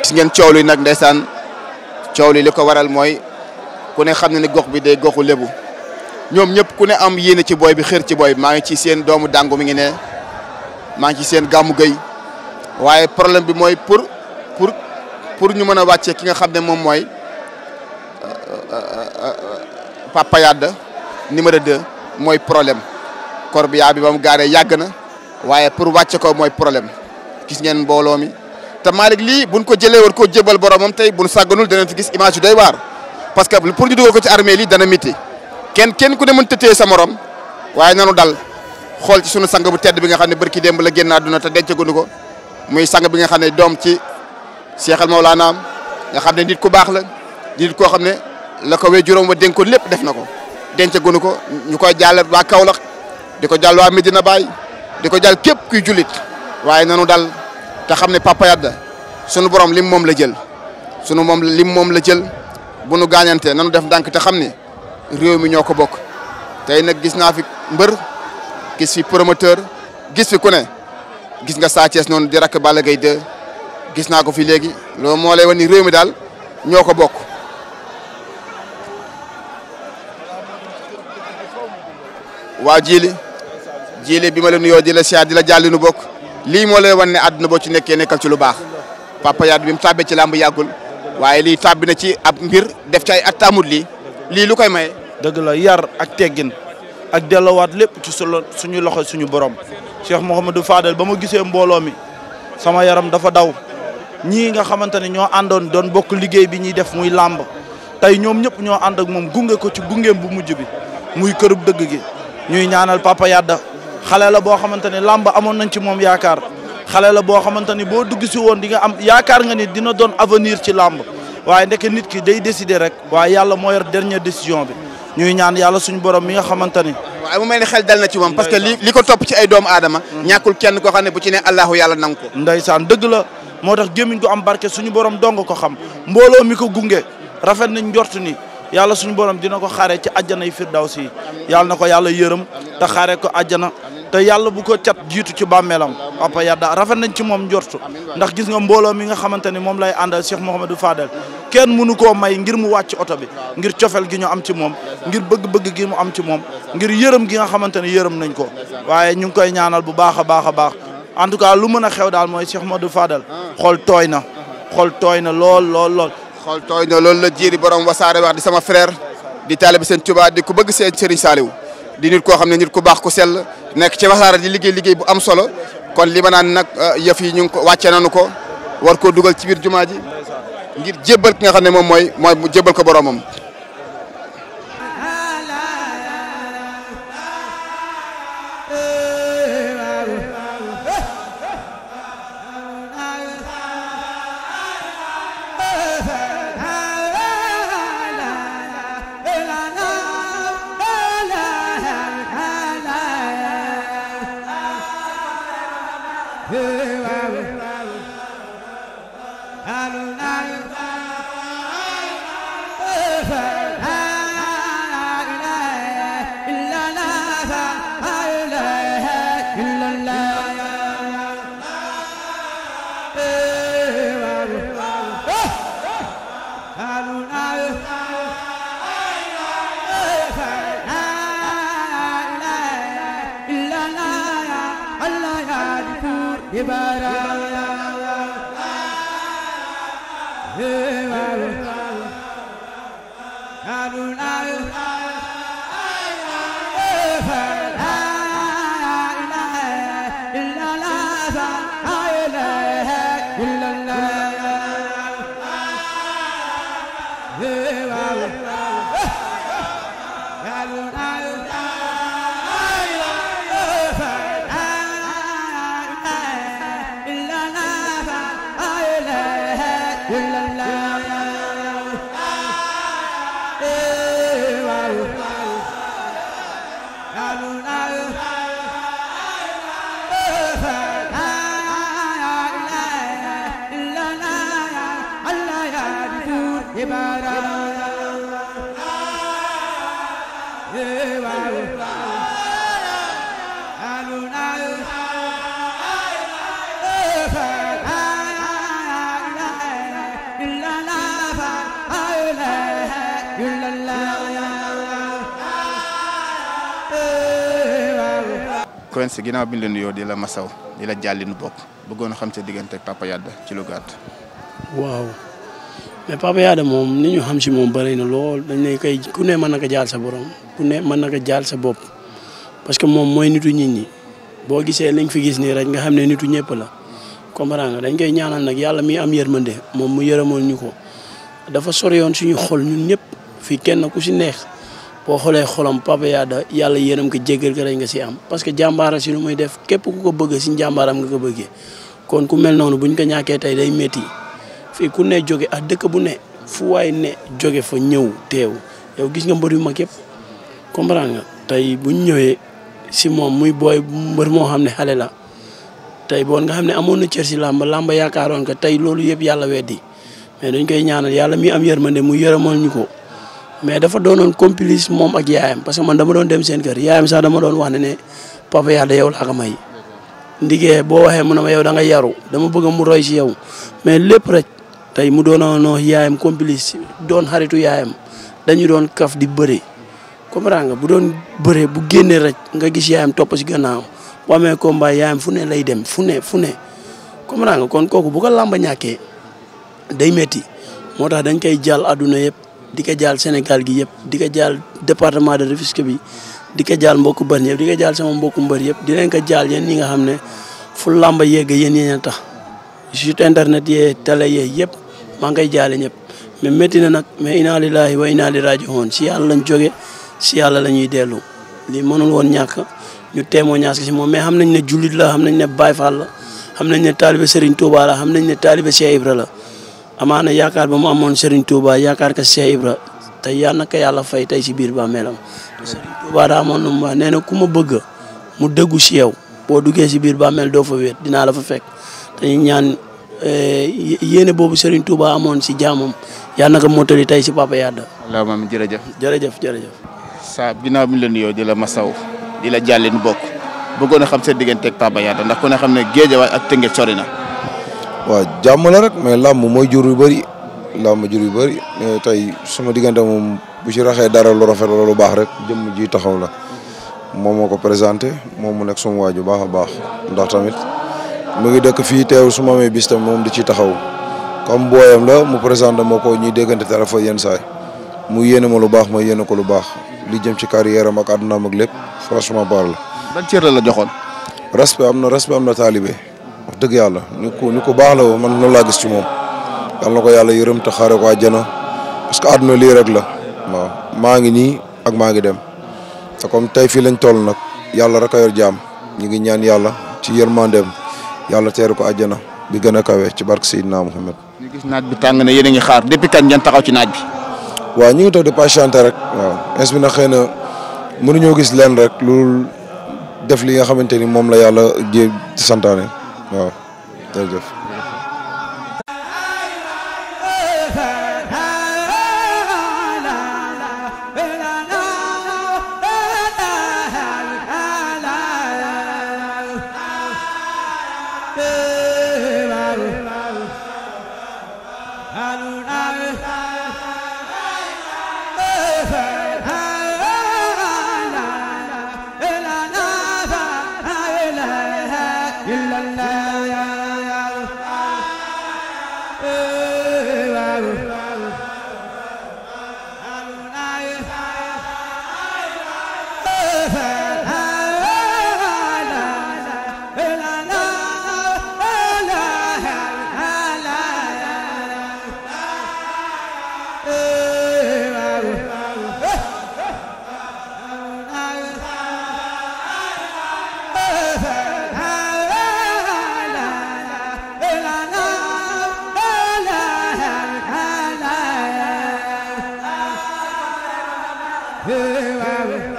gis ngeen coow li nag ndeysaan coow li li ko waral mooy ku ne xam na ni gox bi day goxu lebu ñoom ñëpp ku ne am yéene ci booy bi xër ci booy bi maa ngi ci seen doomu dàngu mi ngi ne maa ngi ci seen gàmmu gëy waaye problème bi mooy pour pour ñu mën a wàccee ki nga xam ne moom mooy Papa Yade numéro 2 mooy problème corbillard bi ba mu gaaree yàgg na waaye pour wàcce ko mooy problème gis ngeen mbooloo mi te Malick lii buñ ko jëlee war koo jébal boromam tey buñ sàgganul dana fi gis image yu waar parce que pour ñu dugal ko ci armée lii dana miti kenn kenn ku ne mën tëtee sa morom waaye nanu dal xool ci sunu sang bu tedd bi nga xam ne barki démb la génn àdduna te dencaguñu ko muy sang bi nga xam ne doom ci Cheikh al Mawlaana nga xam ne ku baax la koo xam ne la ko wee juróom wa dénkoon lépp def na ko denc gunu ko ñu koy jàll waa Kaolack di ko jàll waa Medina Baye di ko jàll képp kuy julit waaye nanu dal te xam ne Papa da sunu borom lim moom la jël sunu moom lim moom la jël bu nu gaañante nanu def ndànk te xam ne réew mi ñoo ko bokk tey nag gis naa fi mbër gis fi promoteur gis fi ku ne gis nga Sa Thiès noonu di rakk Balla Gaye 2 gis naa ko fi léegi loolu moo lay wan ni réew mi daal ñoo ko bokk. waa jiili jiili bi ma la nuyoo di la siyaar di la jàll nu bokk lii moo la wan ne àdduna boo ci nekkee nekkal ci lu baax Papa Yade bi mu tàbbee ci làmb yàggul waaye lii tàbbi na ci ab mbir def ci ay at taamut lii lii lu koy maye. dëgg la yar ak teggin ak delloowaat lépp ci suñu loxo suñu borom moo Cheikh du Fadel ba ma gisee mbooloo mi sama yaram dafa daw ñii nga xamante ne ñoo àndoon doon bokk liggéey bi ñuy def muy làmb tey ñoom ñëpp ñoo ànd ak moom gunge ko ci gungeem bu mujj bi ñuy ñaanal Papa Yada xale la boo xamante ni làmb amoon nañ ci moom yaakaar xale la boo xamante ni boo dugg si woon di nga am yaakaar nga ni dina doon avenir ci làmb waaye ndeke nit ki day décider rek waaye yàlla moo yor dernière décision bi ñuy ñaan yàlla suñu borom mi nga xamante ni waaye mel ni xel dal na ci moom parce que li li ko topp ci ay doomu aadama ñàkkul kenn ko xam ne bu ci ne allahu yàlla nangu ko dëgg la moo tax gémmiñ gu am barke suñu borom dong ko xam mbooloo mi ko gunge rafet nañ njort ni yàlla suñu borom dina ko xaare ci àjjana yi firdaws si yàlla na ko yàlla yërëm te xaare ko ajana te yàlla bu ko cat jiitu ci bàmmeelam papa yadda rafet nañ ci moom njortu ndax gis nga mbooloo mi nga xamante ni moom lay àndal Cheikh Mouhamadou Fadel kenn mënu koo may ngir mu wàcc oto bi ngir cofel gi ñu am ci moom ngir bëgg-bëgg gi mu am ci moom ngir yërëm gi nga xamante ne yërëm nañ ko waaye ñu ngi koy ñaanal bu baax a baax a baax en tout cas lu mën a xew daal mooy Cheikh Mouhamadou Fadel ah. xool xool tooy na xool tooy na loolu la jiiri borom wasaare wax di sama frère di taalibe seen Tuubaa di ku bëgg seen Serigne Saliou di nit ko xam ne nit ku baax ku sell nekk ci wasaare di liggéey liggéey bu am solo kon li ma naan nag eh, yëf yi ñu ngi ko wàcce nanu ko war koo dugal ci biir jumaa ji ngir jébbal ki nga xam ne moom mooy mooy jébbal ko moom Harun Quench ginnaaw bi ñu leen nuyoo di la masaw di la jàll nu bokk bëggoon a xam sa diggante ak Papa Yade ci lu gàtt. waaw mais Papa Yade moom ni ñu xam si moom bëri na lool dañ ne kay ku ne man na ko jaal sa borom ku ne mën na jaal sa bopp parce que moom mooy nitu nit ñi boo gisee liñ fi gis nii rek nga xam ne nitu ñëpp la. comprendre nga dañ koy ñaanal nag yàlla mi am yërmande moom mu yërëmoon ñu ko dafa soriyoon suñu xol ñun ñëpp fii kenn ku si neex. boo xoolee xolam Papa Yada yàlla yéenam ko jéggal ko rek nga si am parce que jàmbaara si nu muy def képp ku ko bëgg si jàmbaaram nga ko bëggee kon ku mel noonu buñ ko ñàkkee tey day métti fii ku ne jóge ak dëkk bu ne fu waay ne jóge fa ñëw teew gis nga mbër yu mag yëpp comprendre nga tey buñ ñëwee si moom muy booy mbër moo xam ne xale la tey boon nga xam ne amoon na cër si làmb làmb yaakaaroon ko tey loolu yëpp yàlla weddi mais dañ koy ñaanal yàlla mi am yërmande mu yërëmal ñu ko mais dafa doonoon complice moom ak yaayam parce que man dama doon dem seen kër yaayam sax dama doon wax na ne papa Yada yow laa ko may ndigee boo waxee mu ne ma yow danga yaru dama bëgg mu roy si yow mais lépp rek tey mu doonoonoo yaayam complice doon xaritu yaayam dañu doon kaf di bëre comprendre nga bu doon bëree bu génnee rek nga gis yaayam topp si gannaaw bu amee combat yaayam fu ne lay dem fu ne fu ne comprendre nga kon kooku bu ko làmba ñàkkee day metti moo tax dañ koy jàll àdduna yëpp di ko jaal Sénégal gi yëpp di ko jaal département de Rufisque bi di ko jaal mbokku mbër yëpp di ko jaal sama mbokku mbër yëpp di leen ko yéen ñi nga xam ne fu làmba yegg yéen yéen a tax site internet yee télé yee yëpp maa ngi koy jaale ñëpp mais métti na nag mais inna lillahi wa inna ilayhi raji'un si yàlla lañ jóge yàlla la ñuy dellu lii mënul woon ñàkk ñu témoignage si moom mais xam nañ ne jullit la xam nañ ne Baye Fall la xam nañ ne taalibe Serigne Touba la xam nañ ne taalibe Cheikh Ibra la amaana yaakaar ba mu amoon Serigne Touba yaakaar ka Cheikh Ibra te yal na ko yàlla fay tey si biir bàmmeelam Serigne Touba daa amoon lu nee na ku ma bëgg mu dëggu si boo duggee si biir bàmmeel doo fa wéet dinaa la fa fekk dañuy ñaan eh, yéene boobu Serigne Touba amoon si jaamam yaan na ko mottali tey si Papa Yada. wallaahi maam jërëjëf. jërëjëf jërëjëf. saa ginnaaw bi ñu la nuyoo di la masaw di la jàllin bokk bëggoon a xam seen teg Papa Yada ndax ko ne xam ne géejawaay ak Tëngéej sori na. waaw jàmm la rek mais làmb mooy jur yu bëri làmb jur yu bëri tey suma diggante moom bu ci raxee dara lu rafet la lu baax rek jëmm ji taxaw la moom moo ko présenté moom mu nekk suma waay ju baax a baax ndax tamit mu ngi dëkk fii teew su ma amee moom di ci taxaw comme booyam la mu présenté moo ko ñuy déggante téléphone yenn saay mu yéene ma lu baax ma yéene ko lu baax li jëm ci carrière am ak àddunaam ak lépp suma baar la. ban cër la la joxoon. respect am na respect am na taalibe dëgg yàlla ni ko ni baax la man noonu laa gis ci moom yàlla na ko yàlla yërëm te xaare ko àjjana parce que àdduna lii rek la waaw maa ngi nii ak maa ngi dem te comme tey fii lañ toll nag yàlla rek a yor ñu ngi ñaan yàlla ci yërmandeem yàlla teeru ko àjjana bi gën a kawe ci barke Seydina Muhammad. ñu gis naaj bi tàng na yéen a ngi xaar depuis kañ ngeen taxaw ci naaj bi. waaw ñu ngi toog di patienter rek. waa est bi nag xëy na mënuñoo gis leen rek lu def li nga xamante ni moom la yàlla jéem santaane. waaw jërëjëf waaw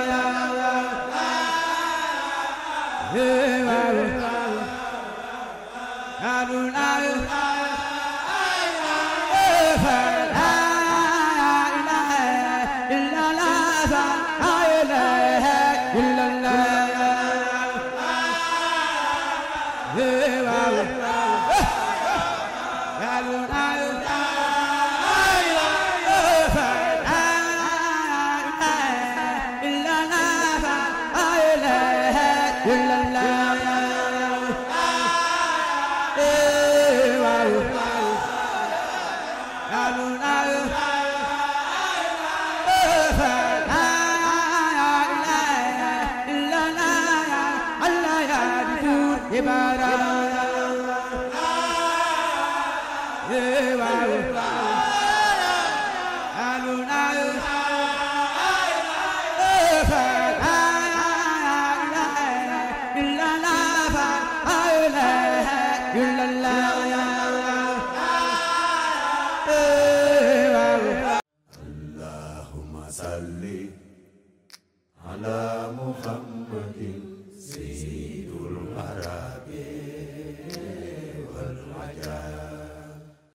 la la la